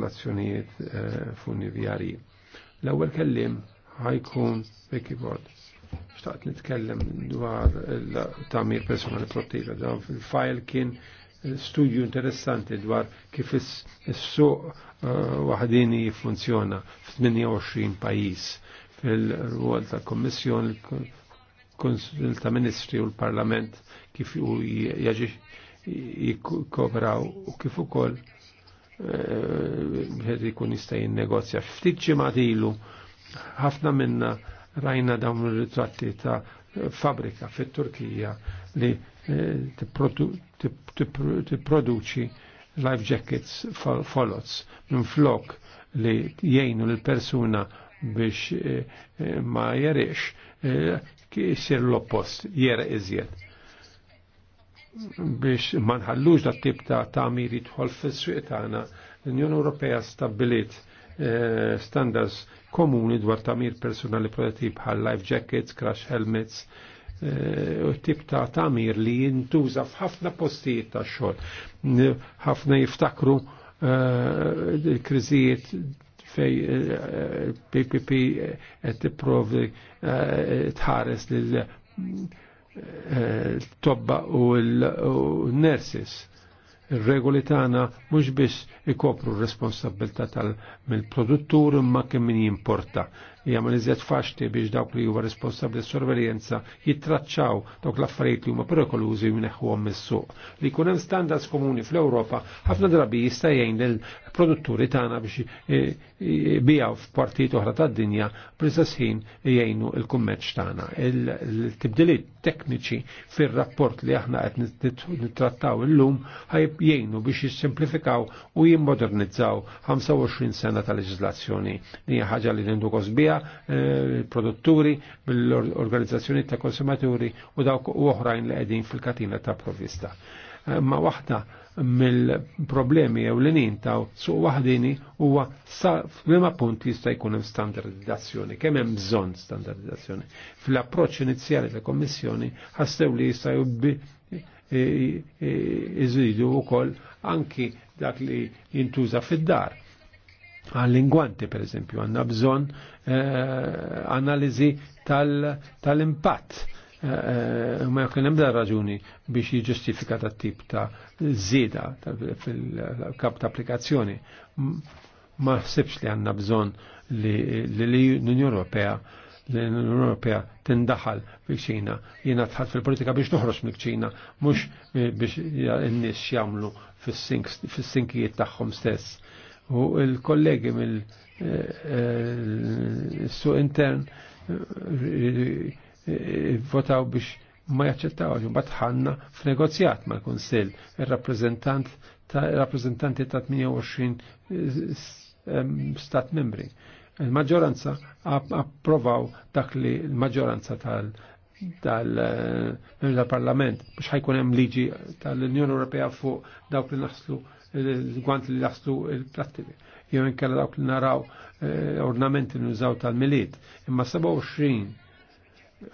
l-azzjonijiet eh, funivjarji. L-ewwel kellim ħajkun Vicky Bod. Xtaqt nitkellem dwar tamir personali protiva, dan fil-fajl kien studju interessanti dwar kif is-suq eh, waħdini jiffunzjona f'28 pajjiż fil ruol ta' kommissjon il ta' ministri u l-parlament kif jaġi jikobraw u kif ukoll bħed ikun jista' jinnegozja. Ftit ġimgħat ilu ħafna minna rajna dawn ir-ritratti ta' fabrika fit-Turkija li eh, tipproduċi life jackets folots minn flok li jgħinu l-persuna biex eh, eh, ma jerix kisir l-oppost, jera iżjed biex manħallux da tip ta' tagħmir jidħol fis-suq tagħna. L-Unjoni Ewropea stabilit eh, standards komuni dwar ta'mir personali protettiv bħal life jackets, crash helmets, eh, u tip ta' tagħmir li jintuża f'ħafna postijiet ta' xogħol. Ħafna jiftakru l-kriżijiet eh, fej PPP qed tipprovdi tħares lil Eh, tobba u l-nurses. Il-regoli tagħna mhux biex ikopru r-responsabilità tal-produttur imma kemm min jimporta li ma iżjed faċli biex dawk li huwa responsabbli s-sorveljenza jittraċċaw dawk l-affarijiet li huma perikolużi minn jneħħuhom mis-suq. Li jkun hemm standards komuni fl-Ewropa ħafna drabi jista' jgħin lill produtturi tagħna biex bijaw f'partijiet oħra tad-dinja b'istess ħin jgħinu l-kummerċ tagħna. Il-tibdiliet tekniċi fir-rapport li aħna qed nittrattaw illum jgħinu biex jissimplifikaw u jimmodernizzaw 25 sena ta' leġislazzjoni. Hija ħaġa li nindu kosbija mill eh, produtturi, mill-organizzazzjoni ta' konsumaturi u dawk oħrajn li qegħdin fil-katina ta' provvista. Eh, ma waħda mill-problemi l ewlenin ta' suq wahdini huwa sa f'liema punti jista' jkun hemm standardizzazzjoni, kemm hemm bżonn standardizzazzjoni. Fl-approċċ inizjali tal-Kommissjoni ħassew li jista' eh, iżidu wkoll anki dak li jintuża fid-dar għall-lingwanti per eżempju, għanna bżon eh, analizi tal-impatt. Tal eh, eh, ma jekk hemm raġuni biex jiġġustifika tat-tip ta' żieda fil-kap ta' applikazzjoni. Ma ħsibx li għandna bżon li l-Unjoni Ewropea l-Unjoni Ewropea tindaħal fil-ċina, jiena tħadd fil-politika biex noħroġ mill-ċina, mhux eh, biex in nies jagħmlu fis-sinkijiet tagħhom stess u l-kollegi mill-suq eh, eh, intern eh, votaw biex ma jaċċettaw, imbagħad ħanna f'negozjat mal-Kunsill ir-rappreżentant ta' rappreżentanti ta' 28 stat membri. Il-maġġoranza approvaw dak li l-maġġoranza tal- tal-parlament biex ħajkun hemm liġi tal-Unjoni Ewropea fuq dawk li naħslu l-gwant li jaħslu il-plattili. Jew inkella dawk li naraw eh, ornamenti nużaw tal-miliet. Imma 27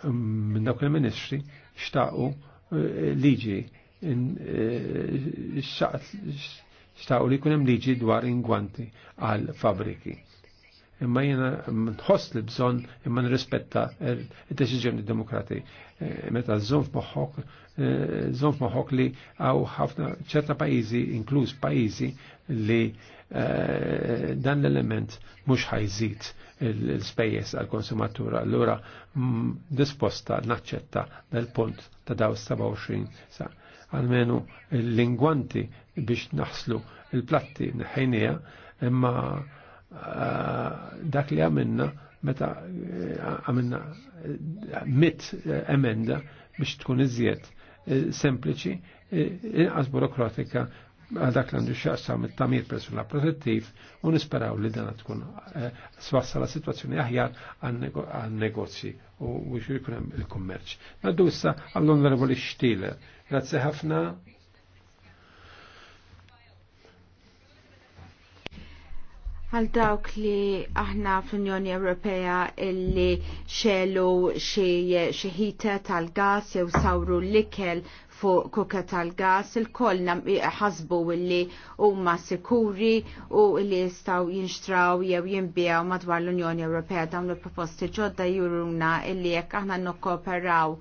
mm, minn dawk il-ministri xtaqu eh, liġi eh, xtaqu li kunem liġi dwar ingwanti għal fabriki imma jena nħoss li bżon imma nrispetta il-deċiżjoni demokrati. Eh, meta zon moħok zon li għaw ħafna ċerta pajizi, inkluż pajizi li eh, dan l-element mhux ħajżid l-spejjeż għal konsumatura allura mm, disposta naċċetta dal-punt ta' daw 27 sa' għalmenu l-lingwanti biex naħslu il-platti nħajnija imma Eh, dak li għamilna meta eh, għamilna eh, mit emenda biex tkun iżjed sempliċi, inqas burokratika għal dak li għandu xaqsa mit-tamir persuna protettiv u nisperaw li dana tkun swassa la situazzjoni aħjar għal negozji u biex jkun il kommerċ Naddu issa għall-onorevoli Stile. Grazie ħafna. għal dawk li aħna fl-Unjoni Ewropea illi xelu xi ħita tal-gas jew sawru l-ikel fuq kuka tal-gas il-koll ħasbu illi huma sikuri u illi jistgħu jinxtraw jew jinbijaw madwar l-Unjoni Ewropea dawn il-proposti ġodda juruna illi jekk aħna nokkooperaw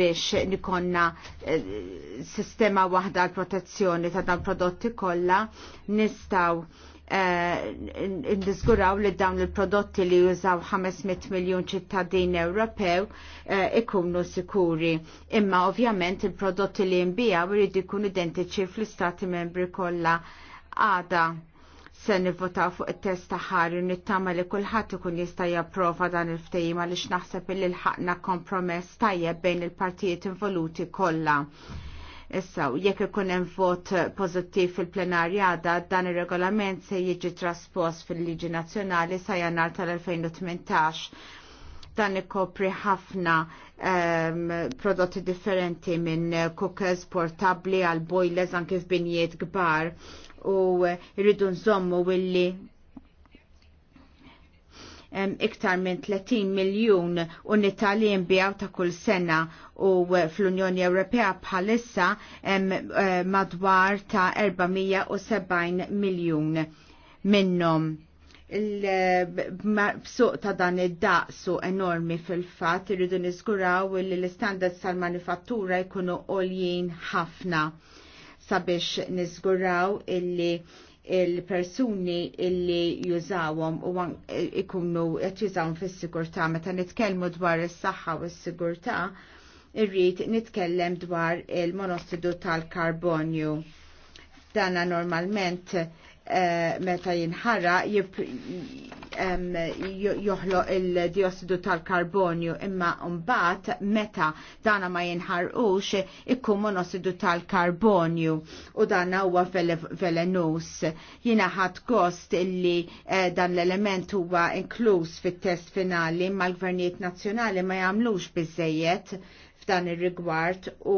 biex nikonna eh, sistema waħda għal protezzjoni ta' dan prodotti kollha nistgħu Eh, indiżguraw li dawn il-prodotti li jużaw 500 miljon ċittadin Ewropew eh, ikunu sikuri. Imma ovvjament il-prodotti li jinbijaw jridu jkunu identiċi fl-istati membri kollha għada se nivvotaw fuq it-test ta' ħari nittama li kulħadd ikun jista' japprova dan il-ftehim għaliex naħseb li l kompromess tajjeb bejn il-partijiet involuti kollha. Issa, jekk ikun hemm vot pożittiv fil-plenarja għadha, dan ir-regolament se jiġi traspost fil-Liġi Nazzjonali sa jannar tal-2018. Dan ikopri ħafna um, prodotti differenti minn cookers portabli għal boilers anke f'binjiet kbar u rridu nżommu willi iktar minn 30 miljun unità li jimbijaw ta' kull sena u eh, fl-Unjoni Ewropea bħalissa eh, madwar ta' 470 miljun minnhom il-suq ta' dan id-daqsu enormi fil-fat irridu niżguraw li l-standards tal-manifattura jkunu għoljien ħafna sabiex niżguraw illi il-persuni illi jużawhom u ikunnu qed jużawhom fis-sigurtà meta nitkellmu dwar is-saħħa u s-sigurtà irrid nitkellem dwar il-monossidu tal-karbonju. Dana normalment Eh, meta jinħarra joħloq il-diossidu tal-karbonju imma mbagħad meta dana ma jinħarqux ikkun monossidu tal-karbonju u dan huwa velenus. Jiena ħat gost illi eh, dan l-element huwa inkluż fit-test finali mal-gvernijiet nazzjonali ma jagħmlux biżejjed f'dan ir-rigward u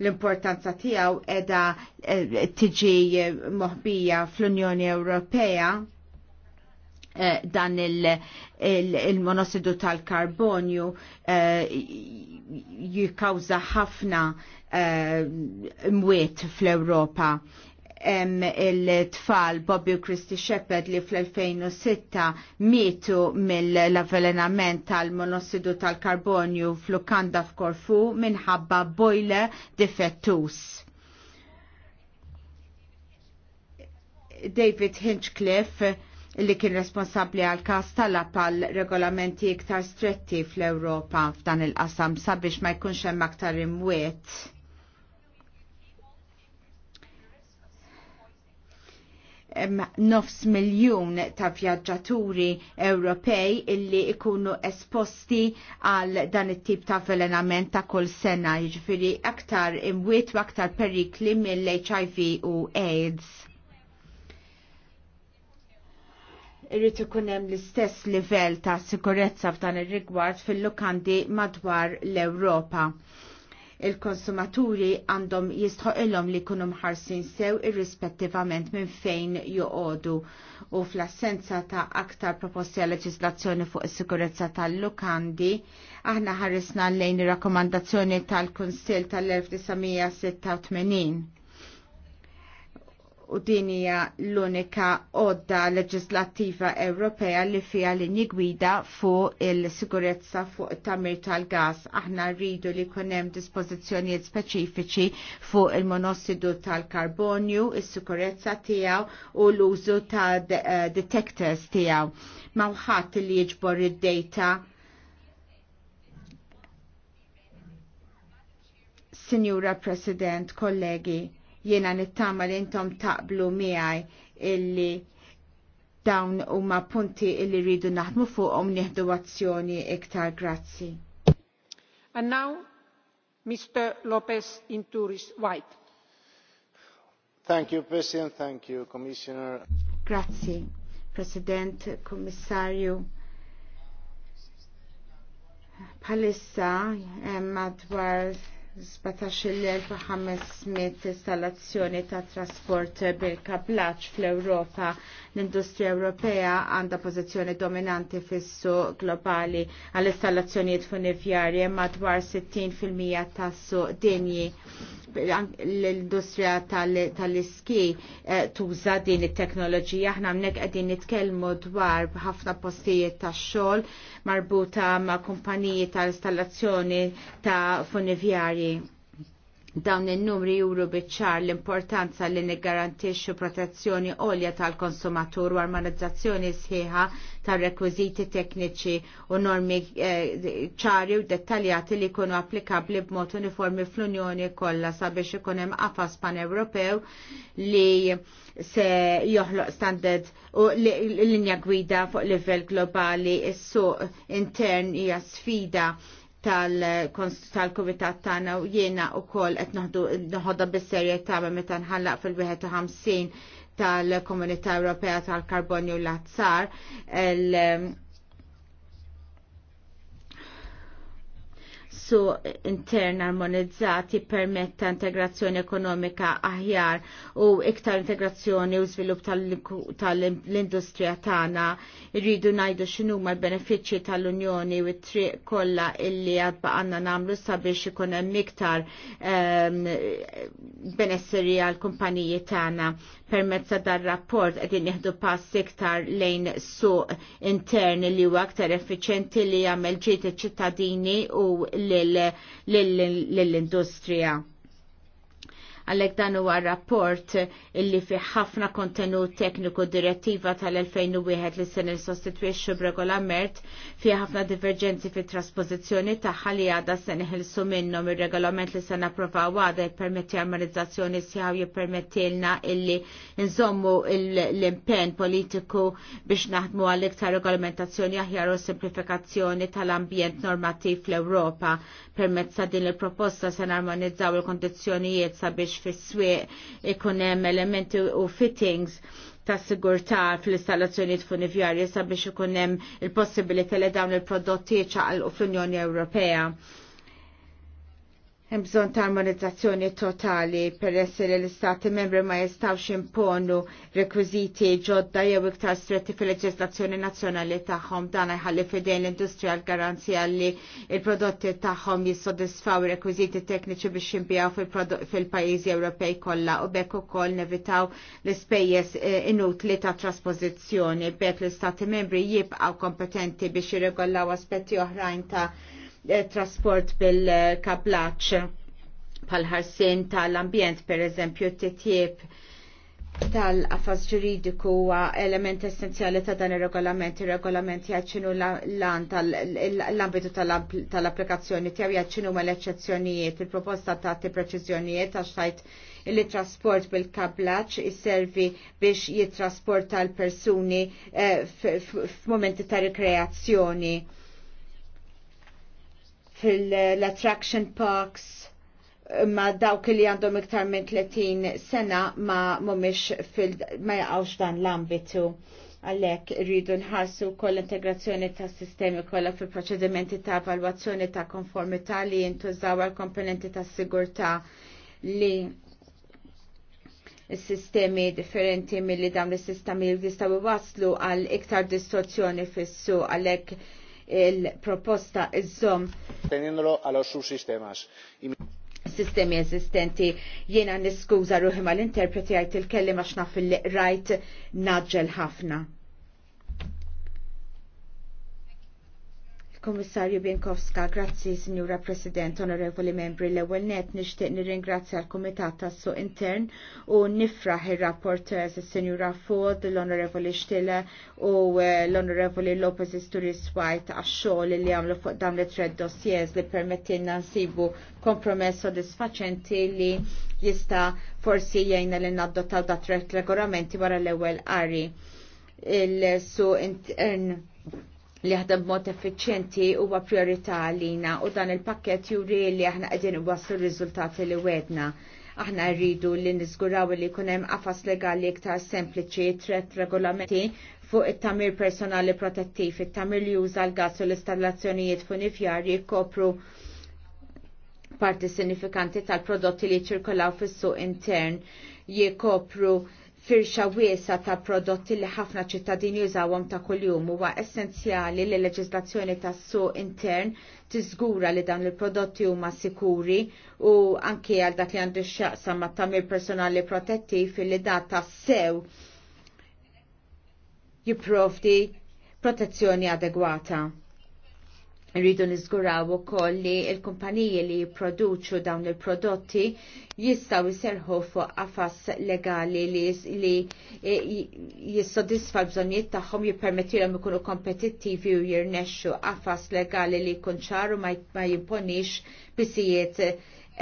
l-importanza tiegħu edha eh, tiġi moħbija fl-Unjoni Ewropea eh, dan il-monossidu tal-karbonju eh, jikawza ħafna mwiet fl ewropa il-tfal Bobby Christie Shepard li fl-2006 mietu mill-avvelenament tal-monossidu tal-karbonju fl-Ukanda f'Korfu minħabba bojle defettus. David Hinchcliffe li kien responsabli għal kas tal-appal regolamenti iktar stretti fl-Europa f'dan il-qasam sabiex ma jkunx hemm aktar imwiet nofs miljun ta' vjaġġaturi Ewropej illi ikunu esposti għal dan it-tip ta' velenament ta' kull sena, jiġifieri aktar imwiet u aktar perikli mill-HIV u AIDS. Irrid ikun hemm l-istess livell ta' sikurezza f'dan ir-rigward fil-lukandi madwar l-Ewropa il-konsumaturi għandhom jistħoqilhom li jkunu mħarsin sew irrispettivament minn fejn joqogħdu u fl-assenza ta' aktar proposti għal leġislazzjoni fuq is-sikurezza tal-lukandi aħna ħarisna lejn ir-rakkomandazzjoni tal-Kunsill tal-1986 u dinija l-unika odda leġislattiva Ewropea li fija li nigwida fuq il-sigurezza fuq tamir tal-gas. Aħna rridu li kunem dispozizjonijiet speċifiċi fuq il-monossidu tal-karbonju, il-sigurezza tijaw u l-użu ta' eh, detectors tijaw. Mawħat li jġbor id-data Signora President, kollegi, Jena nittama li intom taqblu miħaj illi dawn huma punti illi rridu naħdmu fuqhom nieħdu azzjoni iktar grazzi. And now, Mr. Lopez Inturis White. Thank you, President. Thank you, Commissioner. Grazzi, President, Commissario. Palissa, eh, madwar 17.500 installazzjoni ta' trasport bil-kablaċ fl-Europa. L-industrija Ewropea għanda pożizzjoni dominanti fissu globali għall-installazzjonijiet funivjarji madwar 60% tas-suq dinji. L-industrija tal-iski eh, tuża din it-teknoloġija. Aħna mnek qegħdin nitkellmu dwar ħafna postijiet tax-xogħol marbuta ma' kumpaniji tal-installazzjoni ta' funivjarji dawn il-numri juru biċċar l-importanza li niggarantixxu protezzjoni għolja tal-konsumatur u armonizzazzjoni sħiħa tal-rekwiziti tekniċi u normi eh, ċari u dettaljati li jkunu applikabli b'mod uniformi fl-Unjoni kollha sabiex ikun hemm qafas pan-Ewropew li se joħloq standard u linja gwida fuq livell globali is-suq intern hija sfida tal-komitat tagħna u jiena wkoll qed noħodha bis-serjetà meta nħallaq fil-51 tal-Komunità Ewropea tal-Karbonju l-Azzar su intern armonizzati permetta integrazzjoni ekonomika aħjar u iktar integrazzjoni u svilup tal-industrija tagħna irridu ngħidu x'inhuma l-benefiċċji tal-Unjoni u t-triq kollha illi għadba għanna nagħmlu sabiex ikun hemm iktar ehm, benesseri għall kumpaniji tagħna permezz ta' dar rapport qegħdin nieħdu pass iktar lejn su intern li huwa aktar effiċenti li jagħmel ġiet iċ-ċittadini u li lill-industrija għalhekk dan huwa rapport illi fi ħafna kontenut tekniku direttiva tal-2001 li se nissostitwixxu b'regolament fi ħafna divergenzi fit trasposizjoni tagħha li għadha se neħilsu minnhom ir-regolament li se napprovaw għada jippermetti armonizzazzjoni sjaw jippermettilna illi nżommu l-impenn politiku biex naħdmu għall-iktar regolamentazzjoni aħjar u simplifikazzjoni tal-ambjent normattiv fl-Ewropa permezz din il-proposta se narmonizzaw il-kondizzjonijiet sabiex sabiex fis-swieq ikun hemm elementi u fittings ta' sigurtà fl installazzjoni funivjarji sabiex ikun hemm il-possibilità li dawn il-prodotti ċaqal fl-Unjoni Ewropea. Hemm bżonn ta' armonizzazzjoni totali peress li l-istati membri ma jistgħux imponu rekwiżiti ġodda jew iktar stretti fil-leġislazzjoni nazzjonali tagħhom dan jħalli fidejn l-industrija l-garanzija li l-prodotti tagħhom jissodisfaw rekwiżiti tekniċi biex jimpjaw fil-pajjiżi Ewropej kollha u bekk ukoll nevitaw l-ispejjeż eh, inutli ta' traspożizzjoni bekk l-istati membri jibqgħu kompetenti biex jirregolaw aspetti oħrajn ta' Eh, trasport bil-kablaċ pal-ħarsin tal-ambjent, per eżempju, t-tjib tal affaz ġuridiku huwa element essenzjali ta' dan ir-regolament. Ir-regolament jaċċinu l-an tal-ambitu tal-applikazzjoni tiegħu jaċċinu ma l-eċċezzjonijiet. Il-proposta ti preċiżjonijiet għax tajt li trasport bil-kablaċ isservi biex jitrasporta l-persuni eh, f'momenti ta' rikreazzjoni fil-attraction parks ma dawk li għandhom iktar minn 30 sena ma mumiex fil ma jaqgħux dan l-ambitu għalek rridu nħarsu kol integrazzjoni ta' sistemi kolla fil proċedimenti ta' evalwazzjoni ta' konformità li jintużaw għal komponenti ta' sigurtà li sistemi differenti mill-li dawn is sistemi jistaw waslu għal iktar distorzjoni fissu għalek il-proposta iż-żom. Tenindolo għal sistemas sistemi eżistenti jiena niskuża ruħi mal-interpreti għajt il-kelli maċna xnaf il-rajt naġġel ħafna. Komissarju Bienkowska, grazzi Signora President, onorevoli membri l-ewel net nishtiq nirringrazzja l-Komitat tas suq intern u nifraħ il-rapporters Signora Ford, l-onorevoli Stille u eh, l-onorevoli Lopez Isturis White għaxxol li għamlu fuq dam li tred dossiers li permettinna nsibu kompromess soddisfaċenti li jista forsi jgħinna li naddottaw dat regolamenti wara l-ewel qari il su intern li jaħdem b'mod effiċjenti huwa priorità għalina u dan il-pakket juri li aħna qegħdin waslu r-riżultati li wedna. Aħna rridu li niżguraw li jkun hemm qafas legali iktar sempliċi tret regolamenti fuq it-tamir personali protettiv, it-tamir li juża l-gas u l-installazzjonijiet funifjarji kopru parti sinifikanti tal-prodotti li ċirkolaw fis-suq intern jikopru firxa wiesa ta' prodotti li ħafna ċittadini jużawhom ta' kuljum huwa essenzjali li l-leġislazzjoni tas-suq intern tiżgura li dan il-prodotti huma sikuri u anke għal dak li għandu x-xaqsam ma' tamir personali protettiv li dat tassew jipprovdi protezzjoni adegwata Rridu niżguraw ukoll li l-kumpaniji li jipproduċu dawn il-prodotti jistgħu jiserħu fuq afas legali li, li e, jissodisfa l-bżonnijiet tagħhom jippermettilhom ikunu kompetittivi u jirnexxu afas legali li jkun ma jimponix bisijiet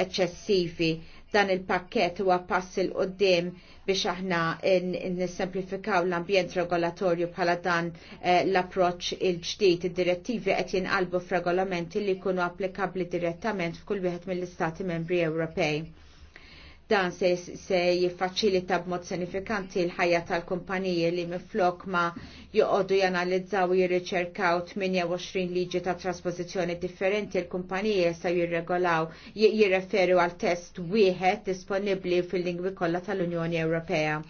eċċessivi Dan il-pakket huwa pass il qoddim biex aħna nissemplifikaw l-ambjent regolatorju bħala dan eh, l-approċ il-ġdid il direttivi qed jinqalbu f'regolamenti li jkunu applikabbli direttament f'kull wieħed mill-istati membri Ewropej Dan se, se jiffaċilita b'mod sinifikanti l-ħajja tal-kumpaniji li miflok ma joqogħdu janalizzaw u jirriċerkaw 28 liġi ta' traspożizzjoni differenti l-kumpaniji se jirregolaw jirreferu għal test wieħed disponibbli fil-lingwi kollha tal-Unjoni Ewropea.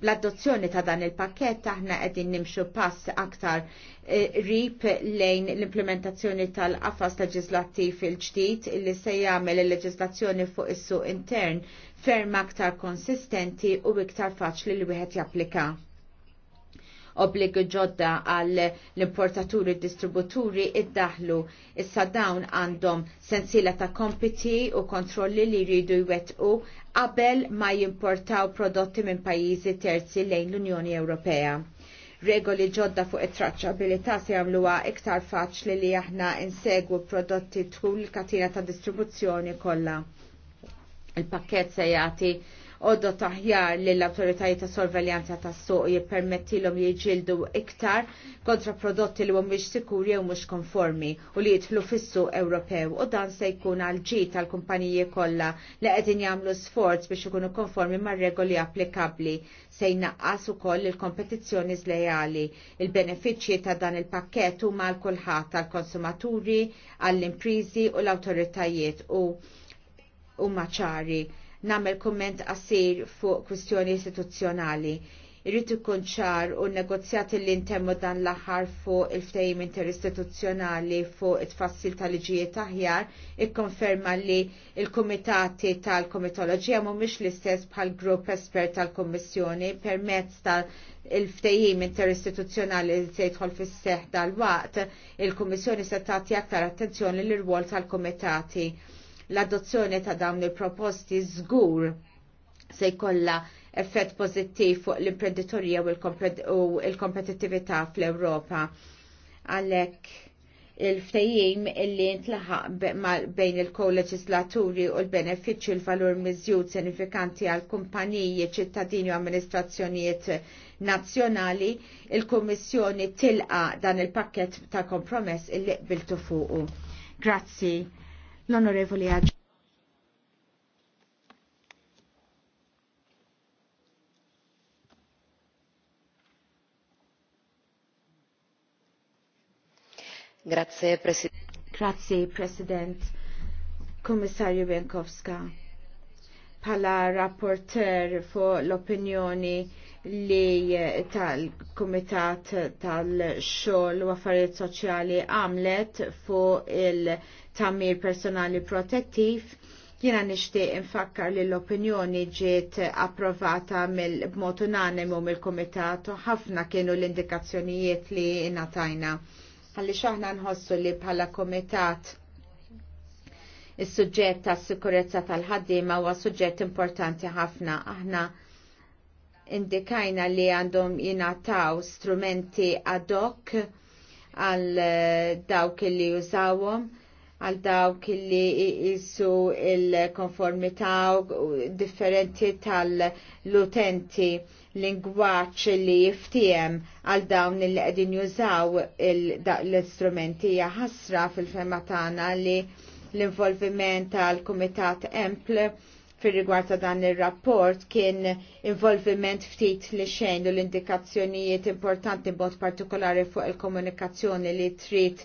L-adozzjoni ta' dan il-pakket aħna qegħdin nimxu pass aktar eh, rip lejn l-implementazzjoni tal-qafas leġislattiv il-ġdid li se jagħmel il-leġislazzjoni fuq is-suq intern ferm aktar konsistenti u iktar faċli li wieħed japplika. Obbligu ġodda għal l-importaturi distributuri id-daħlu issa dawn għandhom sensiela ta' kompiti u kontrolli li jridu jwettqu qabel ma jimportaw prodotti minn pajjiżi terzi lejn l-Unjoni Ewropea regoli ġodda fuq it-traċċabilità se jagħmluha iktar faċli li aħna insegwu prodotti tul katina ta' distribuzzjoni kollha. Il-pakket se jagħti oddo taħjar li l-autoritajiet ta' sorveljanza ta' suq jippermettilhom jiġildu iktar kontra prodotti li mhumiex sikuri u mux konformi u li jitlu fissu Ewropew u dan se jkun għal ġi tal-kumpaniji kollha li għedin jamlu sforz biex ikunu konformi mar-regoli applikabbli se jnaqqas ukoll il-kompetizzjoni żlejali. Il-benefiċċji ta' dan il-pakkett huma l kulħadd tal-konsumaturi, għall-imprizi u l-awtoritajiet u u ċari. Namel komment qasir fuq kwistjoni istituzzjonali. Irrid ikun ċar u negozjati li ntemmu dan l-aħħar fuq il-ftehim interistituzzjonali fuq it-tfassil tal-liġijiet aħjar ikkonferma li il-kumitati tal-komitoloġija mhumiex l-istess bħal grupp espert tal-Kommissjoni permezz tal ftejim interistituzzjonali li se jidħol fis-seħħ dal-waqt il-Kummissjoni se tagħti aktar attenzjoni l-irwol tal-kumitati. tal tal kumitati L-adozzjoni ta' dawn il-proposti żgur se jkollha effett pożittiv fuq l-imprenditorija u l-kompetittività fl-Ewropa. Għalhekk il-ftejjim illi intlaħaq bejn il-koleġislaturi u l-benefiċċju l-valur miżjud sinifikanti għal kumpaniji ċittadini u amministrazzjonijiet nazzjonali, il-Kummissjoni tilqa dan il-pakket ta' kompromess illi qbiltu fuqu. Grazzi l-Onorevoli Għagġi. Grazie, Presidente. Grazie, Presidente. Commissario Benkowska. Pala rapporter fu l'opinioni li eh, tal-Kumitat tal-Xol u Affarijiet Soċjali għamlet fuq il-tamir personali protettiv jiena nixtieq infakkar li l-opinjoni ġiet approvata b'mod unanimu mill komitat u ħafna kienu l-indikazzjonijiet li natajna. Għalli xaħna nħossu li bħala Kumitat is-suġġett tas-sikurezza tal-ħaddiema huwa suġġett importanti ħafna. Aħna indikajna li għandhom jinataw strumenti ad hoc għal eh, dawk li jużawhom għal dawk li jisu il-konformità differenti tal-utenti lingwaċ li jiftijem għal dawn li qegħdin jużaw l-istrumenti jaħasra fil-fema tagħna li l-involviment tal-Kumitat Empl fir rigward ta' dan ir-rapport kien involviment ftit li xejn u l-indikazzjonijiet importanti b'mod partikolari fuq il-komunikazzjoni li trid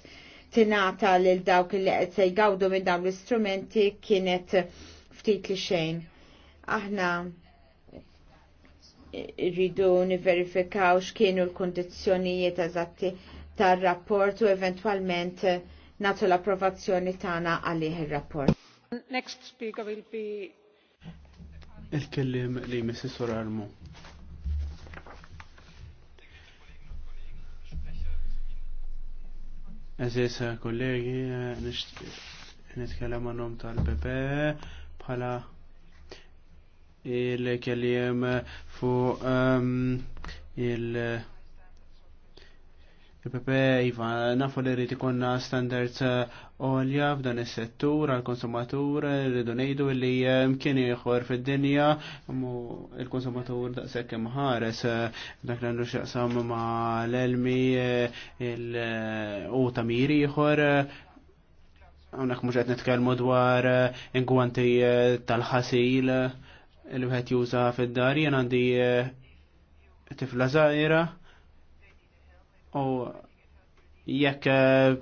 tingħata lil dawk li qed se jgawdu minn dawn l-istrumenti kienet ftit li xejn. Aħna rridu niverifikaw x'kienu l-kondizzjonijiet eżatti tar-rapport u eventwalment nagħtu l-approvazzjoni tagħna għalih ir-rapport. Next speaker will be il-kellim li jmissi Sorarmu. Eżis kollegi, nitkellem għannom tal-PP bħala il-kellim fu ehm, il-, -kellim um, Pepe, Iva, nafu li rrit ikunna standards eh, olja f'dan is-settur għal-konsumatur, rridu ngħidu li eh, mkien ieħor fid-dinja mu il-konsumatur daqshekk ħares eh, dak għandu x'jaqsam ma' l-elmi u tamir ieħor hawnhekk mhux qed nitkellmu dwar ingwanti tal-ħasil li wieħed juża fid-dar jien għandi tifla żgħira U jekk eh,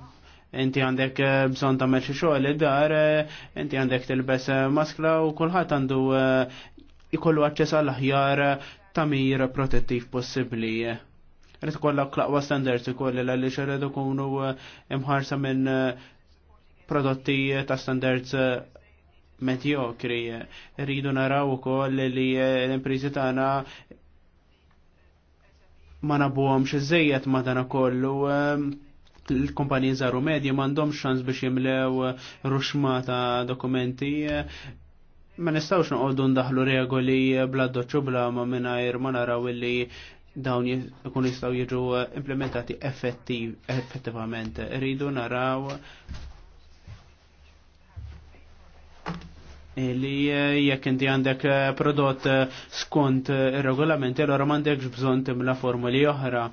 inti għandek eh, bżon ta' meċi xoħl id-dar, eh, inti għandek tilbes maskla u kullħat għandu ikollu għacċess għall-ħjar mir protettiv possibli. Rrit kollha klaqwa standards ikolli l-għalli xerred ikunu imħarsa minn prodotti ta' standards medjokri. Rridu naraw ukoll li l-imprizi tagħna ma nabuhomx ma dana kollu eh, l-kumpaniji Zaru medji m'għandhom xans biex jimlew ruxma ta' dokumenti ma nistawx noqogħdu ndaħlu regoli bla doċu bla ma mingħajr ma naraw illi dawn jkun jistgħu jiġu implementati effettivament. Rridu naraw li eh, jekk inti għandek eh, prodott eh, skont ir-regolamenti allora m'għandekx bżonn timla formuli oħra.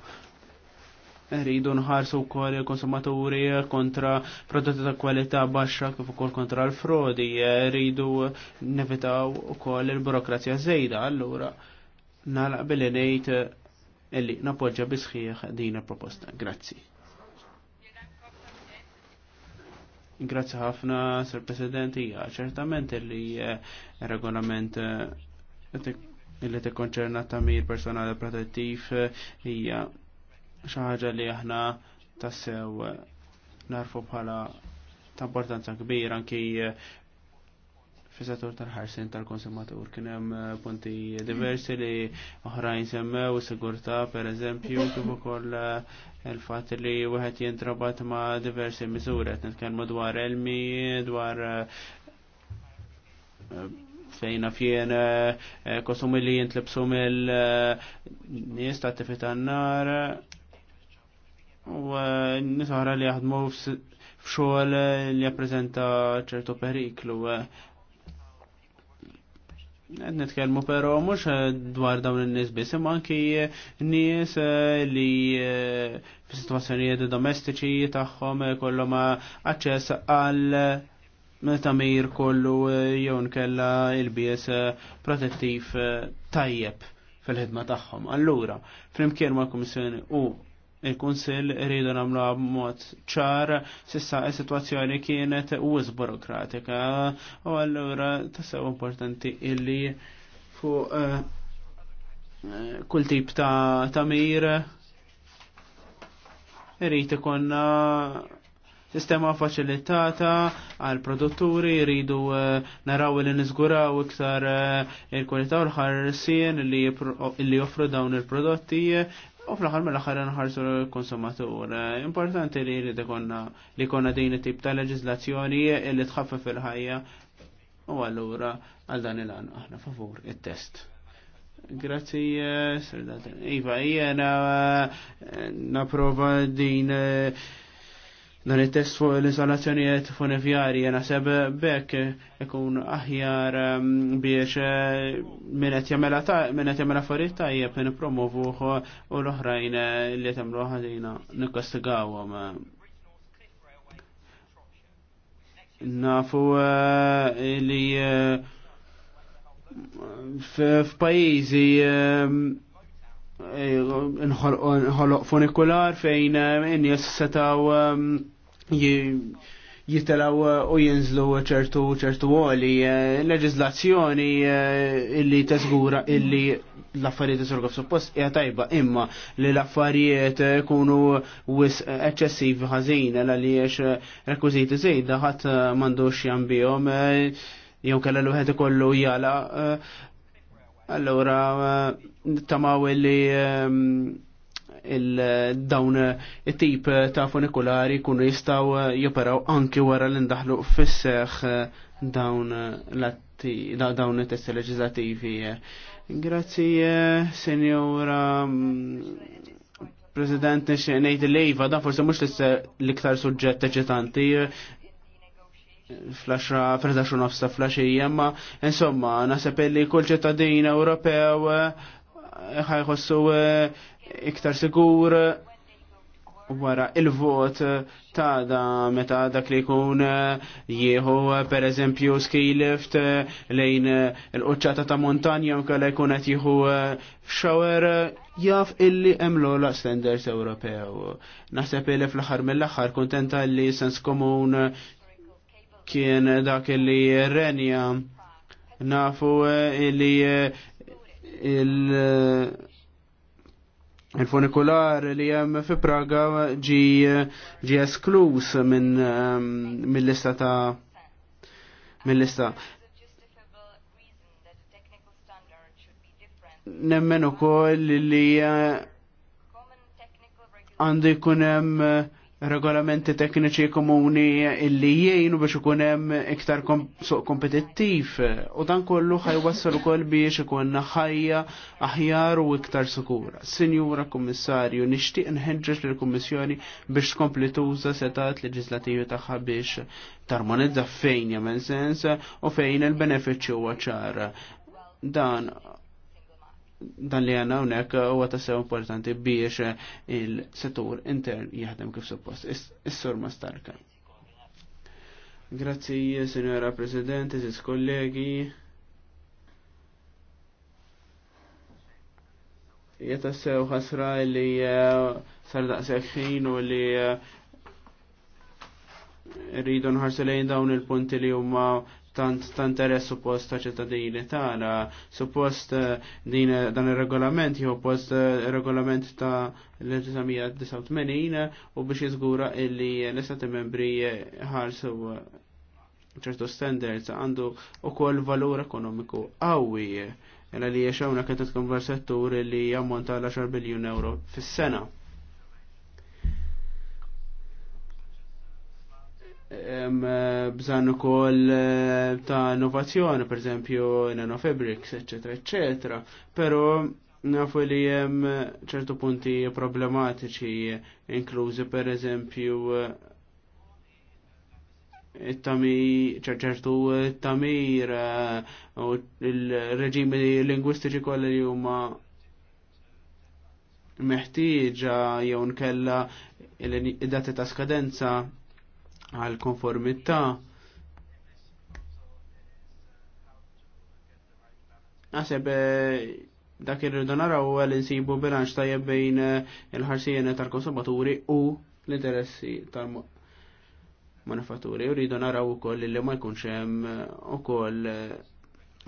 Rridu nħarsu wkoll il-konsumaturi kontra prodotti ta' kwalità baxxa kif ukoll kontra l-frodi, rridu nevitaw ukoll il-burokrazija żejda, allura nalaq billi ngħid illi napoġġa bisħieħ din il-proposta. Grazzi. Grazzi ħafna, Sir President, hija ċertament li eh, regolament eh, li tikkonċerna tamir personali protettiv hija eh, xi ħaġa li aħna tassew narfu bħala ta' importanza kbira anki fizatur tal-ħarsin tal-konsumatur. Kien hemm eh, punti diversi li oħrajn semmew sigurtà pereżempju kif ukoll eh, il-fatt li wieħed jintrabat ma' diversi miżuri qed nitkellmu dwar elmi, dwar eh, fejna fien konsumi li jintlibsu mill-nies ta' attività nar u nisħara li jaħdmu f'xogħol li jappreżenta ċertu periklu. Nitkelmu pero mux dwar dawn n-nis biss, imma anki n-nis eh, li eh, fis situazzjonijiet domestiċi tagħhom eh, kollhom aċċess għal tamir kollu jew kella il-bies protettiv tajjeb fil-ħidma tagħhom. Allura, flimkien mal-Kummissjoni u il-Kunsill rridu nagħmlu mod ċar sissa is-sitwazzjoni kienet uż burokratika u allura tassew importanti illi fuq eh, kull tip ta' tamir irrid ikonna sistema faċilitata għal produtturi rridu eh, naraw li nizguraw iktar eh, il-kwalità u l-ħarsien li joffru dawn il-prodotti U fl-ħar mill-ħar nħarsu l-konsumatur. Importanti li li dekonna li konna din tip ta' leġizlazzjoni li tħaffef fil-ħajja. U għallura għal dan il-għan aħna favur il-test. Grazzi, eh, Sir Iva, jena eh, naprova din eh, dan il-test fuq l-installazzjonijiet jena seb bekk ikun aħjar ehm, biex eh, minn qed jagħmel affarijiet tajjeb nippromovuh u l-oħrajn li tagħmlu ħażina nikkastigawhom. Nafu eh, li eh, f'pajjiżi nħoloq funikular fejn n-nies setaw ehm, jitelaw uh, u jinżlu ċertu ċertu għoli uh, leġizlazzjoni uh, illi tezgura illi l-affarijiet isorga suppost hija tajba imma li l-affarijiet kunu wis eċċessivi ħażin għaliex rekwiżiti żejda ħadd m'għandux jambihom jew kellha l-wieħed ikollu jala allura tamaw illi um, il-dawn it-tip ta' funikulari kunu jistaw joperaw anki wara l-indaħlu fisseħ dawn dawn it-testi leġizativi. Grazzi, senjora mm, President, nejt l-lejva, da forse mux l-iktar suġġett eċitanti, flasha fredda xun nofsa flasha ma insomma, nasab li kull ċittadin Ewropew ħajħossu iktar sigur wara il-vot ta' da meta dak li jkun eh, jieħu eh, per eżempju ski lift eh, lejn il-qoċċata ta' montanja u kalla jkun qed jieħu shower jaf illi hemm l standards Ewropew. Naħseb illi fl-aħħar mill-aħħar kuntenta li sens komun kien dak li renja nafu illi il- il-funikular li jem fi Praga ġi, ġi esklus minn ehm, min lista ta' minn lista. Nemmen u koll li eh, għandu jkunem uh, regolamenti tekniċi komuni illi jgħinu biex ikun hemm iktar suq kompetittiv u dan kollu ħajwassal ukoll biex ikun ħajja aħjar u iktar sikura. Sinjura Kummissarju, nixtieq nħeġġeġ lill kummissjoni biex tkompli tuża setat leġislativi tagħha biex tarmonizza fejn jagħmel sens u fejn il-benefiċċju huwa Dan dan li għanna unek u għatassew importanti biex il-settur intern jihdem kif suppost. Is-sur ma starka. Grazzi, Signora Presidente, Sis kollegi. sew ħasra li eh, sardaq seħħin ħin u li eh, rridu nħarsu lejn dawn il-punti li huma tant tant interess suppost ta' ċittadini tagħna, suppost eh, din eh, dan ir-regolament jew post eh, regolament ta' l-1989 u biex jiżgura illi l-istati membri ħarsu ċertu standards għandu ukoll valur ekonomiku qawwi għal li jiexawna kettet konversettur li jammonta l-10 biljun euro fis-sena. Eh, bżann ukoll eh, ta' innovazzjoni, per esempio nanofabrics, eccetera, eccetera. Però nafu li hemm ċertu punti problematiċi inklużi per esempio ċertu tamir eh, u il-reġimi lingwistiċi kollha li huma meħtieġa jew nkella id-dati ta' skadenza għal konformità Naħseb eh, dak irridu u għal insibu bilanċ tajjeb bejn eh, il-ħarsijene tal-konsumaturi u l-interessi tal U Rridu naraw ukoll li ma jkunx hemm eh, ukoll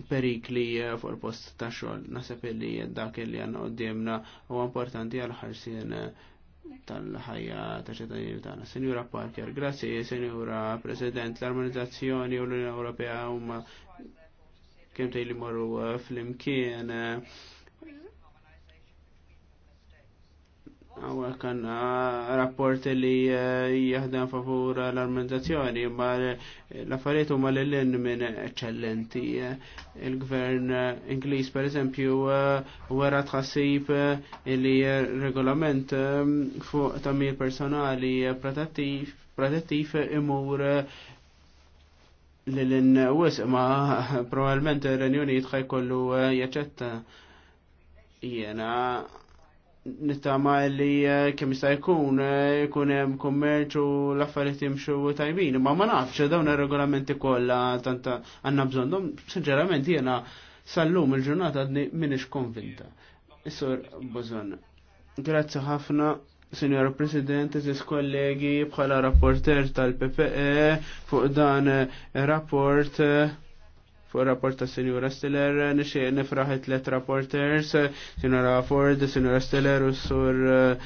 perikli fuq il-post ta' xogħol. Naħseb li dak li għandna qudiemna huwa importanti għal ħarsien tal-ħajja ta' ċittadini tagħna. Sinjura Parker, grazzi Sinjura President, l-armonizzazzjoni u l-Unjoni Ewropea huma kemm tgħidli morru eh, fl-imkien eh, Għawek kan rapport li eh, jahdem favur l-armentazzjoni, ma l-affariet huma l-lin minn eccellenti. Il-gvern eh, Ingliż, per eżempju, eh, wara tħassib li regolament fuq tamir personali protettiv imur l-lin wisq, ma probabilment il-Renjoni jitħaj kollu jaċetta. Jena nittama li eh, kemm jista' jkun eh, jkun hemm kummerċ u l-affarijiet jimxu tajbin, ma ma nafx dawn ir-regolamenti kollha tant għandna bżonnhom, sinċerament jiena sallum lum il-ġurnata għadni minix konvinta. Isur sur Bozon, grazzi ħafna Signor President, eżis kollegi bħala rapporter tal-PPE fuq dan eh, rapport fuq rapport ta' Sinjura Stiller, nixie nifraħet let rapporters, Sinjura Ford, Sinjura Stiller u Sur eh,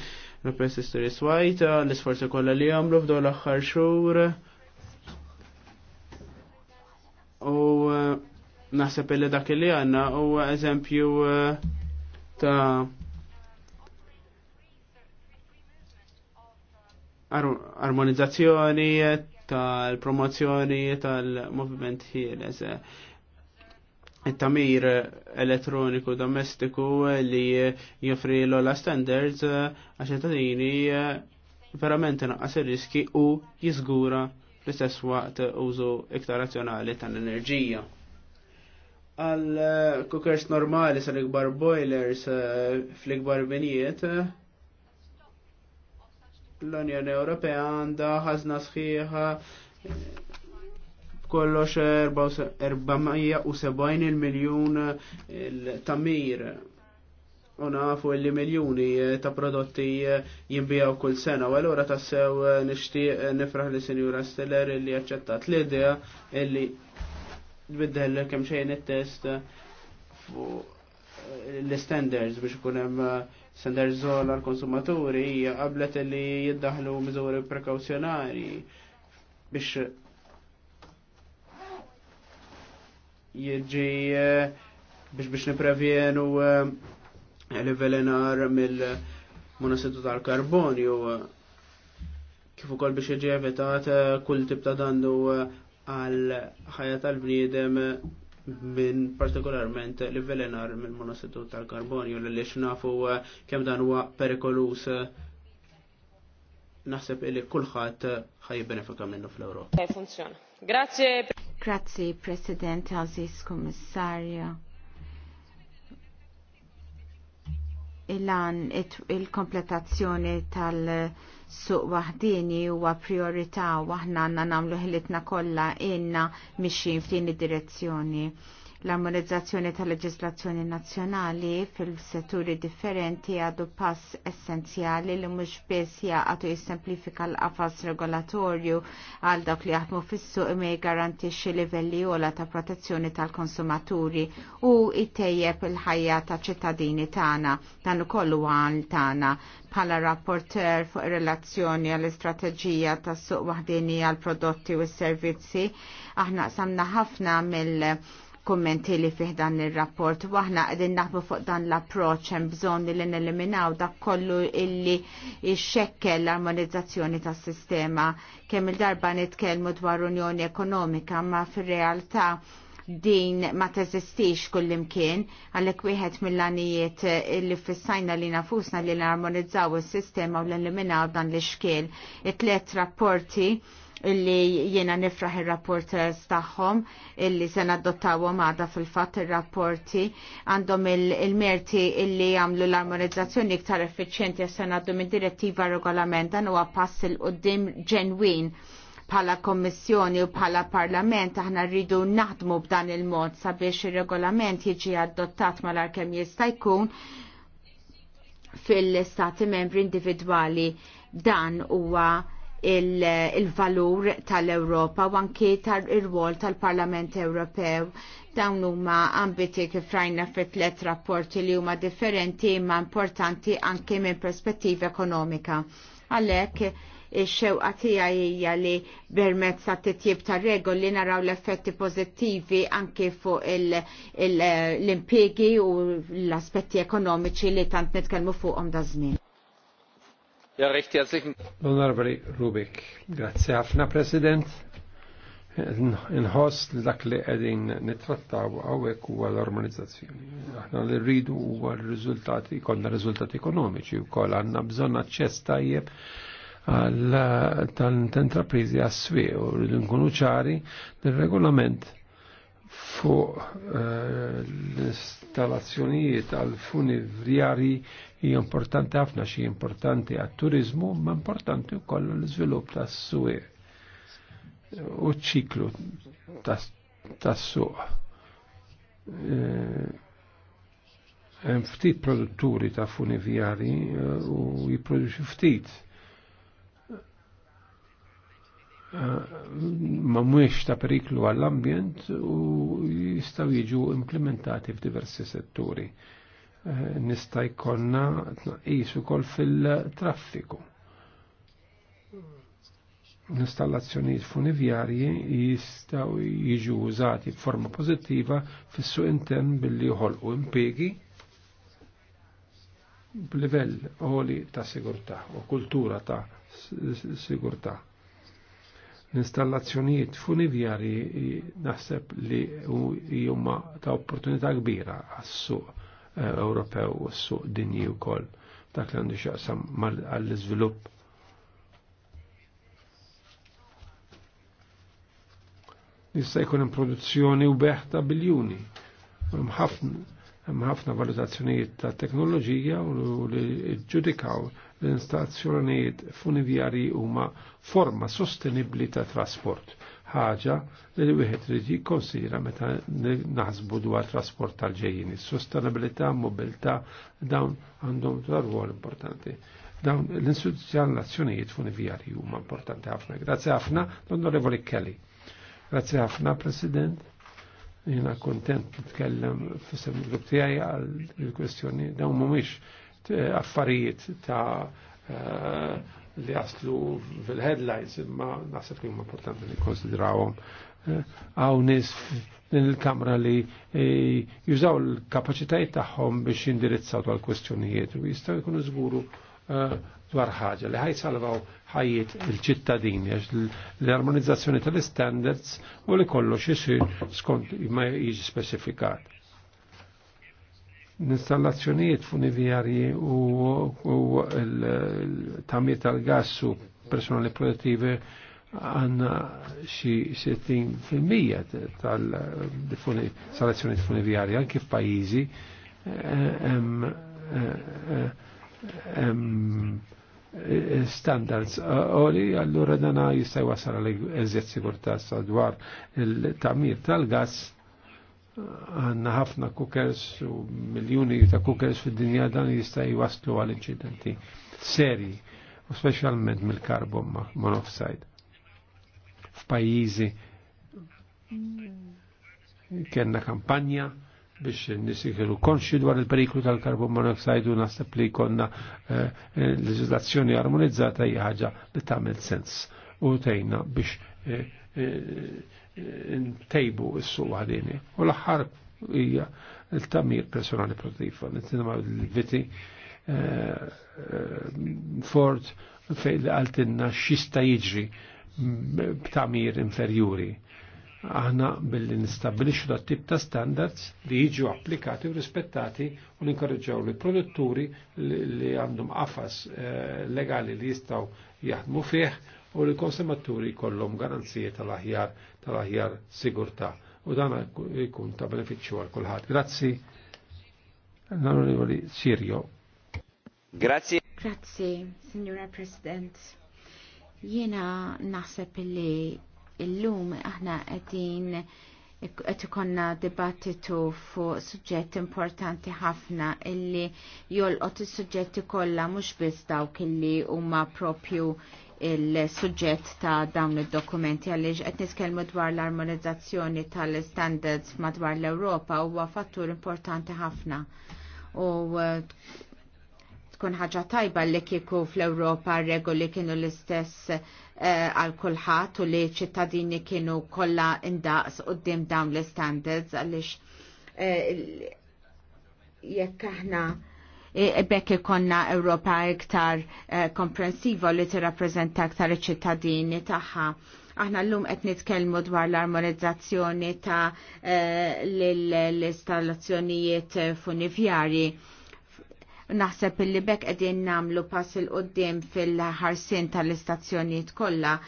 Lopez Istoris White, l-isforzi kolla li għamlu f'dol aħħar xur. U eh, naħseb illi dak li għanna u eżempju eh, ta' armonizzazzjoni tal-promozzjoni tal-movement ħieles tamir elettroniku domestiku li joffri l-ola standards eh, għaxetatini eh, verament naqqas il-riski u jizgura fl-istess waqt użu iktar razzjonali tal-enerġija. Għal eh, cookers normali sa l ikbar boilers fl-ikbar binijiet, l-Unjoni Ewropea għandha ħażna sħiħa kollox 470 il-miljon il-tamir. U nafu li miljoni ta' prodotti jimbijaw kull sena. U għallura ta' sew nishtiq nifraħ li Senjura Steller li għacċettat l-idea li biddel kem xejn il-test l-standards biex kunem standards zola l-konsumaturi qablet li jiddaħlu miżuri prekawzjonari biex jiġi eh, biex biex niprevjenu eh, l-velenar mill-monossidu tal-karbonju eh, kif ukoll biex jiġi evitat kull tip ta' dannu għal ħajja tal-bniedem minn partikolarment l-velenar mill-monossidu tal-karbonju li nafu kemm dan huwa perikolus naħseb illi kulħadd ħaj benefika minnu fl-Ewropa. Grazie. Grazzi, President, Aziz Kommissarju. il il-kompletazzjoni tal-suq wahdini huwa priorità aħna għanna nagħmlu ħilitna kollha inna mixin f'din id-direzzjoni. L-armonizzazzjoni tal-leġislazzjoni nazzjonali fil-setturi differenti għadu pass essenzjali li mhux biss jaqgħu jissemplifika l-qafas regolatorju għal dawk li jaħdmu fis-suq imma jgarantixxi livelli u ta' protezzjoni tal-konsumaturi u jtejjeb il-ħajja ta' ċittadini tagħna dan ukoll għan tagħna bħala rapporter fuq relazzjoni għall-istrateġija tas-suq wahdini għal prodotti u s-servizzi aħna samna ħafna mill- kummenti li fih dan il-rapport. Waħna għedin naħbu fuq dan l-approċ hemm bżonn li neliminaw dak kollu illi xekkel l-armonizzazzjoni tas sistema kemm il-darba nitkellmu dwar Unjoni Ekonomika ma fir-realtà din ma teżistix kullimkien għalhekk wieħed mill-għanijiet li fissajna li nafusna li narmonizzaw is-sistema u l-eliminaw dan l-ixkiel. It-tliet rapporti illi jiena nifraħ il-rapport eh, staħħom illi sena adottawhom għada fil-fatt il-rapporti għandhom il-merti illi għamlu l-armonizzazzjoni iktar effiċjenti sena għaddu minn direttiva regolament dan huwa pass il-qoddim ġenwin bħala kommissjoni u bħala parlament aħna rridu naħdmu b'dan il-mod sabiex il-regolament jiġi adottat mal-arkem jista' jkun fil-stati membri individwali dan huwa il-valur il tal-Europa u anke tal-irwol tal-Parlament Ewropew dawn huma ambiti kif rajna fit tliet rapporti li huma differenti imma importanti anke minn perspettiva ekonomika. Għalhekk ix-xewqa tiegħi hija li permezz ta' titjib ta' regoli naraw l-effetti pożittivi anke fuq l-impjegi u l-aspetti ekonomiċi li tant nitkellmu fuqhom da' żmien. L-Onorabri Rubik, grazie ħafna President. Nħoss li dak li qegħdin nittrattaw għawek huwa l ormonizzazzjoni Aħna li rridu huwa r-riżultati, konna riżultati ekonomiċi wkoll għandna bżonn aċċess tajjeb għal tal-intrapriżi għas-swieq u rridu nkunu ċari, il-regolament fuq eh, l-installazzjonijiet għal funivrjari hija importanti ħafna xi importanti għat-turizmu, ma importanti wkoll l-iżvilupp tas-suq u ċiklu tas-suq. Eh, hemm ftit produtturi ta' funivjari eh, u jipproduċi ftit Eh, ma mwix ta' periklu għall-ambjent u jistaw jiġu implementati f'diversi setturi. Eh, nista' jkollna tnaqqis ukoll fil-traffiku. Installazzjonijiet funivjarji jistaw jiġu użati b'forma pożittiva fis-suq intern billi jħolqu impiegi b'livell għoli ta' sigurtà u kultura ta' sigurtà l-installazzjonijiet funivjari naħseb li huma ta' opportunità kbira għas-suq eh, Ewropew u s-suq dinji wkoll dak li għandu xaqsam għall-iżvilupp. Jista' jkun hemm produzzjoni u beħ ta' biljuni. Hemm ħafna valutazzjonijiet ta' teknoloġija u li ġudikaw l-instazzjonijiet funivjari huma forma sostenibli ta' trasport, ħaġa li wieħed riġi konsidra meta naħsbu dwar trasport tal-ġejjini. Sostenibilità, mobilità, dawn għandhom dwar rwol importanti. Dawn l-istituzzjonijiet funivjari huma importanti ħafna. Grazie ħafna, l-Onorevoli Kelly. Grazie ħafna, President jena kontent nitkellem fissem l-grupp tijaj għal il-kwestjoni, dawn mumiex affarijiet ta' eh, li jaslu fil-headlines imma naħseb li huma importanti li konsidrawhom għaw eh, nis din il-kamra li eh, jużaw l-kapacitajiet tagħhom biex jindirizzaw dwar kwestjonijiet u jistgħu jkunu żguru dwar ħaġa li ħajsalvaw ħajjiet il-ċittadini għax l-armonizzazzjoni tal-standards u li kollox isir skont ma jiġi specifikat l-installazzjonijiet funivjarji u l tamiet tal-gas u personali produttivi għanna xi 60% tal-installazzjonijiet funivijarji anke f'pajjiżi eh, eh, eh, standards oli allora dana jista' jwasal għal eżjed sigurtà dwar il-tamir tal-gas għanna ħafna cookers u miljoni ta' cookers fil dinja dan jista' jwaslu għal inċidenti seri, u specialment mill-karbon monoxide. F'pajjiżi kienna kampanja biex nisikilu konxi dwar il-periklu tal-karbon monoxide u nasab li konna eh, leġislazzjoni armonizzata jħagġa ħaġa li tagħmel sens u tejna biex eh, eh, ntejbu s-suq għadini. U l-aħħar hija l-tamir personali produttiv. Nittinema l-viti eh, eh, Ford fej li għaltinna xista jiġri b'tamir inferjuri. Aħna billi nistabilixu da tip ta' standards li jiġu applikati u rispettati u ninkorreġġaw li produtturi li għandhom qafas eh, legali li jistaw jaħdmu fih u li konsumaturi kollhom garanzije tal-aħjar tal-aħjar sigurtà u dan ikun ta' benefiċċju għal kulħadd. Grazzi. L-Onorevoli Sirio. Grazzi. Grazzi, Signora President. Jiena naħseb li illum aħna qegħdin qed ikonna dibattitu fuq suġġett importanti ħafna illi jolqot is-suġġetti kollha mhux biss dawk illi huma propju il suġġett ta' dawn id-dokumenti għaliex qed niskelmu dwar l-armonizzazzjoni tal-standards madwar l-Ewropa huwa fattur importanti ħafna. U uh, tkun ħaġa tajba li kieku fl-Ewropa regoli kienu l-istess uh, għal kulħadd u li ċittadini kienu kollha indaqs qudiem dawn l-standards għaliex uh, jekk aħna E, e, bekk ikonna Ewropa iktar eh, komprensiva li tirrappreżenta iktar iċ-ċittadini tagħha aħna l-lum qed nitkellmu dwar l-armonizzazzjoni ta' eh, l-installazzjonijiet funivjari. Naħseb illi bekk qegħdin nagħmlu pass il qudiem fil-ħarsin tal-istazzjonijiet kollha eh,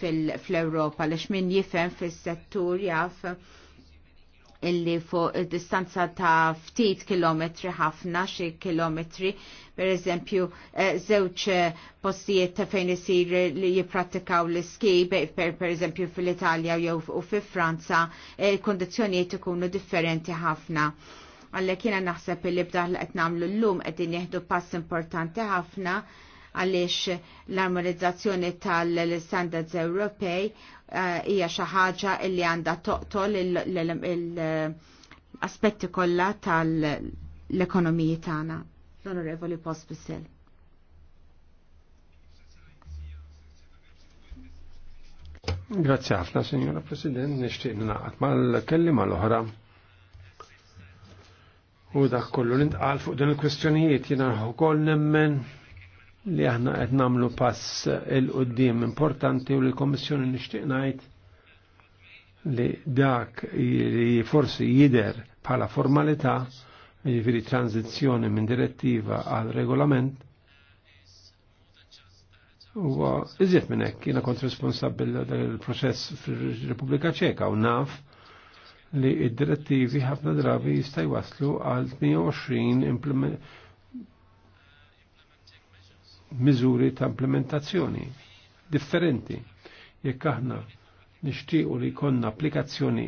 fl-Ewropa għaliex min jifhem fis-settur jaf illi fuq distanza ta' ftit kilometri ħafna xi kilometri per eżempju eh, żewġ postijiet ta' fejn isir li jipprattikaw l ski per, per eżempju fil-Italja jew u fi Franza eh, il ikunu differenti ħafna għallek jena naħseb li b'daħ li qed nagħmlu llum qegħdin jieħdu pass importanti ħafna għaliex l-armonizzazzjoni tal-standards Ewropej eh, hija xi ħaġa li għandha toqtol l-aspetti kollha tal-ekonomiji tagħna. L-Onorevoli Pospisil. Grazie ħafna, Signora President, Nixtieq naqat mal-kellima l-oħra. U dak kollu l-intqal fuq din il-kwestjonijiet jina wkoll nemmen li aħna qed nagħmlu pass il-qudiem importanti u li l-Kommissjoni nixtieq ngħid li dak li forsi jider bħala formalità jiġifieri tranzizzjoni minn direttiva għal regolament huwa iżjed minn hekk jiena kont responsabbli dal-proċess fir-Repubblika Ċeka u naf li id-direttivi ħafna drabi jista' Waslu għal 28 miżuri ta' implementazzjoni differenti. Jekk aħna nixtiequ li jkollna applikazzjoni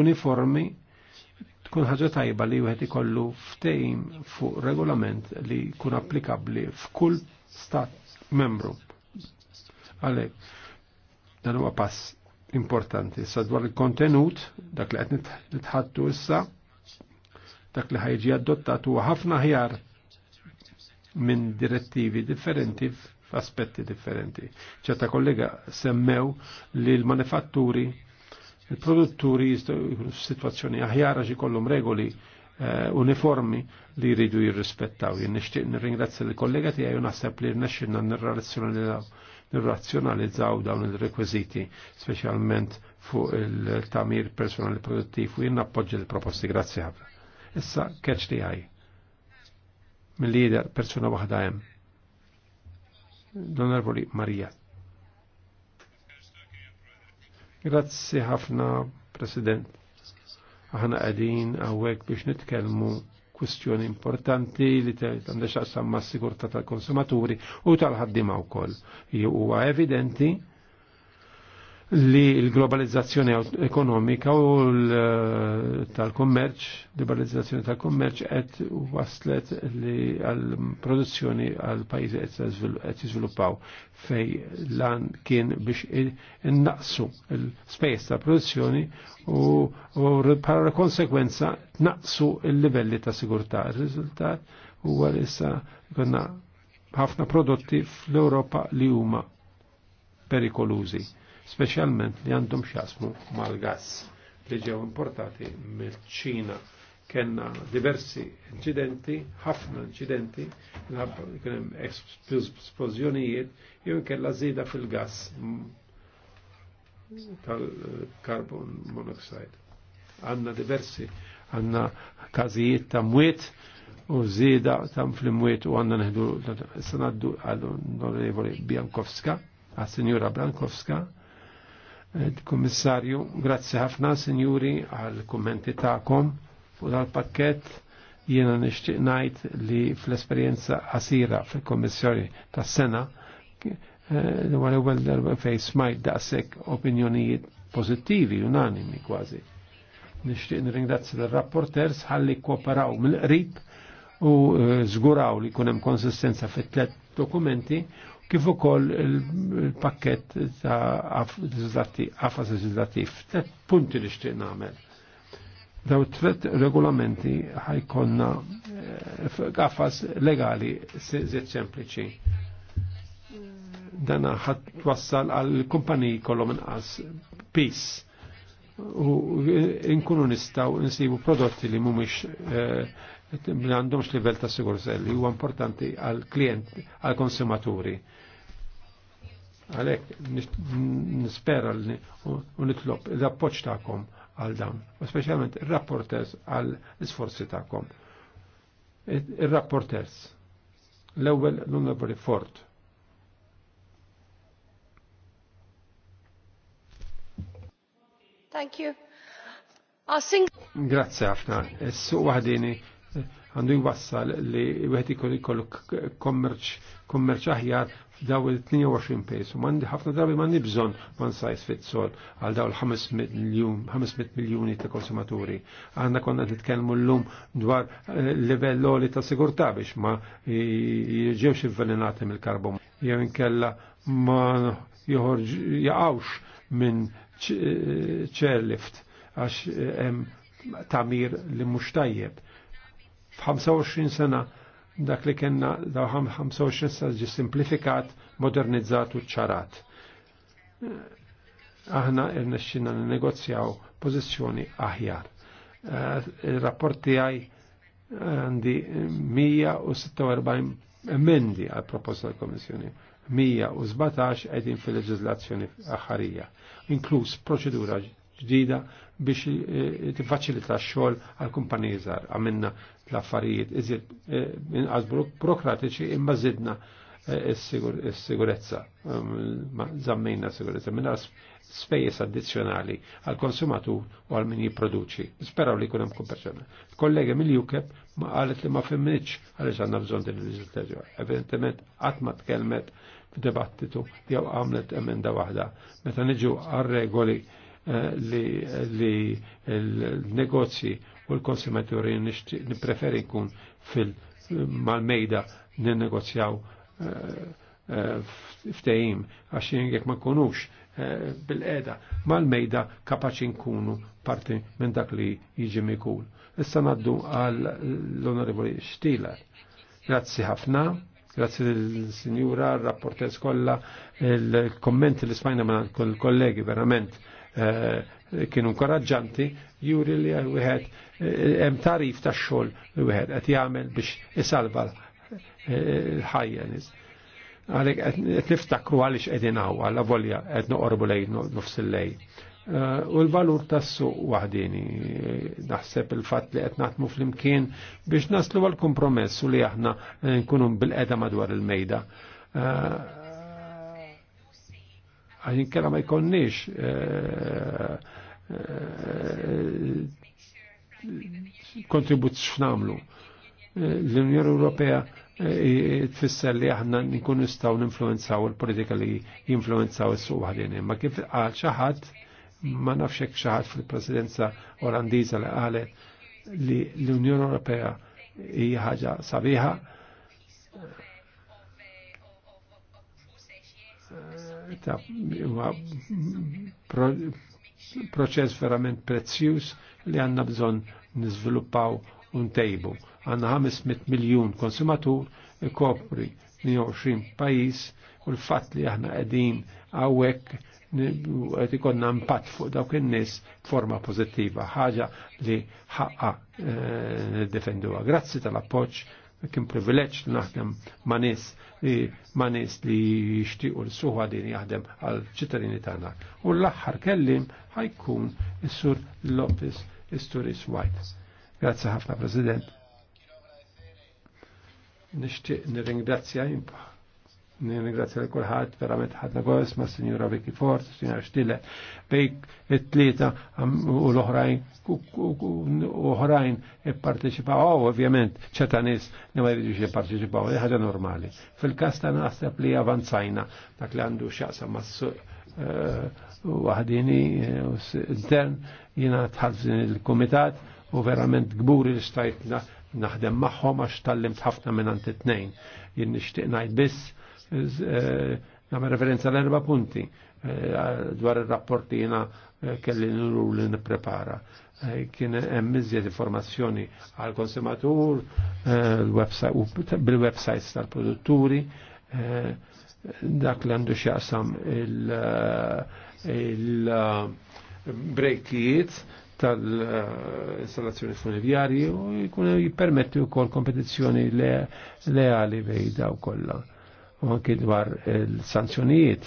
uniformi, tkun ħaġa tajba li wieħed ikollu ftehim fuq regolament li jkun applikabbli f'kull stat membru. Għalhekk dan huwa pass importanti. Sa dwar il-kontenut, dak li qed nitħattu issa, dak li ħajġi adottat huwa ħafna ħjar minn direttivi differenti f'aspetti differenti. ċerta kollega semmew li l-manifatturi, il-produtturi jistgħu situazzjoni aħjar xi ikollhom regoli eh, uniformi li jridu jirrispettaw. Jien nixtieq nirringrazzja l-kollega tiegħi u naħseb li rnexxinna nirrazzjonalizzaw dawn il-rekwiżiti, speċjalment fuq il-tamir personali produttiv u jien appoġġi l-proposti. Grazzi ħafna. Issa catch tiegħi mill-lider persona waħda hemm. L-Onorevoli Marija. Grazzi ħafna, President. Aħna qegħdin hawnhekk biex nitkellmu kwistjoni importanti li għandha xaqsam mas-sigurtà tal-konsumaturi u tal-ħaddiema wkoll. Huwa evidenti li l-globalizzazzjoni ekonomika u tal-kommerċ, liberalizzazzjoni tal-kommerċ qed waslet li għal-produzzjoni għal-pajjiżi qed jiżviluppaw fej lan kien biex innaqsu l-spejjeż ta' produzzjoni u par konsekwenza tnaqsu l-livelli ta' sigurtà. Ir-riżultat huwa issa konna ħafna prodotti fl-Ewropa li huma perikolużi specialment li għandhom xasmu mal gas li ġew importati mill-ċina. Kenna diversi incidenti, ħafna incidenti, kienem esplosjonijiet jew kella zida fil gas tal-carbon monoxide. Għanna diversi, għanna kazijiet ta' mwiet u zida ta' fl-mwiet u għanna neħdu, sanaddu għal-onorevoli Biankowska, għal-senjura Biankowska, Kommissarju, grazzi ħafna, Sinjuri, għal kummenti ta'kom fuq dal-pakket. Jiena nixtieq ngħid li fl-esperjenza qasira fil-Kommissjoni tas-sena l-ewwel eh, ewwel darba fejn smajt daqsek opinjonijiet pozittivi unanimi kważi. Nixtieq nirringrazzi l-rapporters ħalli kooperaw mill-qrib u eh, żguraw li kunem konsistenza fit-tlet dokumenti kif ukoll il-pakket ta' għafas legislativ. Tet punti li xtieq nagħmel. Daw tret regolamenti ħajkonna eh, għafas legali żied sempliċi. Dana ħadd twassal għal kumpaniji kollhom inqas pis u nkunu nistaw nsibu prodotti li mumiex eh, li għandhomx livell ta' sigurza li huwa importanti għal klient għal konsumaturi. Għalek nispera li u nitlob l-appoċ ta'kom għal dan. u speċjalment ir-rapporters għal isforzi ta'kom. Ir-rapporters. L-ewwel l-Onorevoli Ford. Thank you. Grazie Afna. Is-suq waħdini għandu jwassal li wieħed ikollu kommerċ aħjar f'daw il-22 pesu. Mandi ħafna drabi mandi bżon one size fits all għal daw il-500 miljoni ta' konsumaturi. Għanna konna nitkellmu l-lum dwar eh, livell li ta' sigurtà biex ma jirġewx il-velenati mill-karbon. Jew inkella ma joħorġ jaqawx minn eh, chairlift għax eh, tamir li mhux tajjeb f-25 sena dak li kena da 25 sena ġi simplifikat, modernizzat u ċarat. Aħna irnexxina negozjaw pożizzjoni aħjar. Eh, Il-rapporti għaj għandi 146 emendi għal proposta tal-Komissjoni. 117 għedin fil-leġizlazzjoni aħħarija, inkluż proċedura ġdida biex eh, tiffaċilita x-xogħol għal kumpanizar żgħar. Għamilna l-affarijiet iżjed eh, inqas burokratiċi imma zidna eh, s-sigurezza, zammejna um, s-sigurezza, minna spejjes addizzjonali għal konsumatur u għal min jipproduċi. Speraw li kunem kumperċana. Kollega mill jukeb ma għalet li ma femminitx għalix għanna bżon din il-leġislazzjoni. Evidentement, għatma f f'debattitu jew għamlet emenda waħda. Meta niġu għal regoli li l-negozji u l-konsumaturi nipreferi kun fil-malmejda n-negozjaw eh, eh, ftejim għax jek ma konux eh, bil-qeda mal-mejda kapaċi nkunu parti minn dak li jiġi mikul. Issa naddu għal l-onorevoli Stila. Grazzi ħafna, grazzi l-sinjura, rapportez kolla, il-kommenti li ismajna ma' kollegi verament Eh, kienu nkoraġġanti juri li wieħed eh, hemm tarif tax-xogħol li wieħed qed jagħmel biex isalva l-ħajja nies. Għalhekk qed niftakru għaliex qegħdin hawn għal volja qed noqorbu lejn nofs il lej eh, U l-valur tas-suq waħdini, naħseb il-fatt li qed naħdmu flimkien biex naslu għal u li aħna nkunu bil-qeda madwar il-mejda għajin kena ma jkonniex eh, eh, kontribut x'namlu. Eh, L-Unjoni Ewropea tfisser li aħna nkun nistgħu ninfluwenzaw il-politika li jinfluwenzaw is-suq ħadin. Ma kif qal xi ħadd ma nafx hekk xi ħadd fil-Presidenza Olandiża li qalet li l-Unjoni Ewropea hija ħaġa sabiħa ta' proċess verament prezzjuż li għanna bżon nizviluppaw un tejbu. Għanna 500 miljon konsumatur kopri 29 pajis u l-fat li aħna għedin għawek għed ikonna mpat fuq dawk in-nies forma pozittiva, ħaġa li ħaqqa e, eh, defenduha. Grazzi tal-appoġġ kien privileġ li naħdem ma' nies li ma' nies li jixtiequ l suħa din jaħdem għal ċittadini tagħna. U l-aħħar kellim ħajkun is-Sur Lopez is-Turis White. Grazzi ħafna President. Nixtieq nirringrazzja Nirringrazzja li kulħadd verament ħadna gos ma' Sinjura Vicky Fort, Sinjura Stille, bejk it-tlieta u l-oħrajn oħrajn ipparteċipaw, ovvjament ċeta nies li ma jridux jipparteċipaw, li ħaġa normali. fil kasta naħseb li avanzajna dak li għandu x'jaqsam mas eh, waħdini eh, u intern jiena tħallsin il-kumitat u verament gburi li stajtna naħdem magħhom għax tallimt ħafna minn it-tnejn. Jien nixtieq ngħid biss Eh, Nam referenza l-erba punti eh, dwar il-rapporti jina eh, kelli nuru li prepara Kien emmizjet informazzjoni għal konsumatur bil-websites tal-produtturi dak li għandu xaqsam il-brejkijiet tal-installazzjoni funivjarji u jkun jipermettu kol kompetizjoni leali bej daw kollha u anki dwar il-sanzjonijiet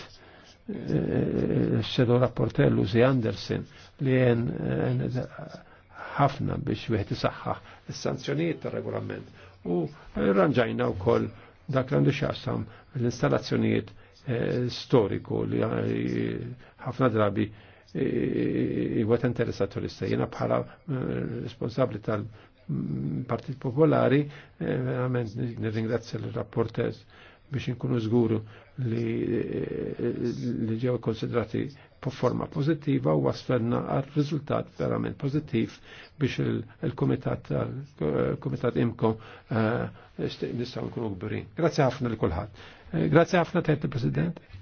xedo rapporter Lucy Andersen li jen ħafna biex wieħed saħħa il sanzjonijiet tar-regolament u rranġajna wkoll dak l għandu xaħsam l-installazzjonijiet eh, storiku li ħafna drabi jgħat eh, interesa turista. Jena bħala eh, responsabli tal-Partit Popolari, verament nirringrazzja l-rapportez biex inkunu żguru li ġew konsidrati forma pozittiva u wasfelna għal riżultat verament pozittiv biex il-Komitat il Imko eh, nistgħu nkunu gburin. Grazzi ħafna li kulħadd. Eh, grazzi ħafna tajt il-President.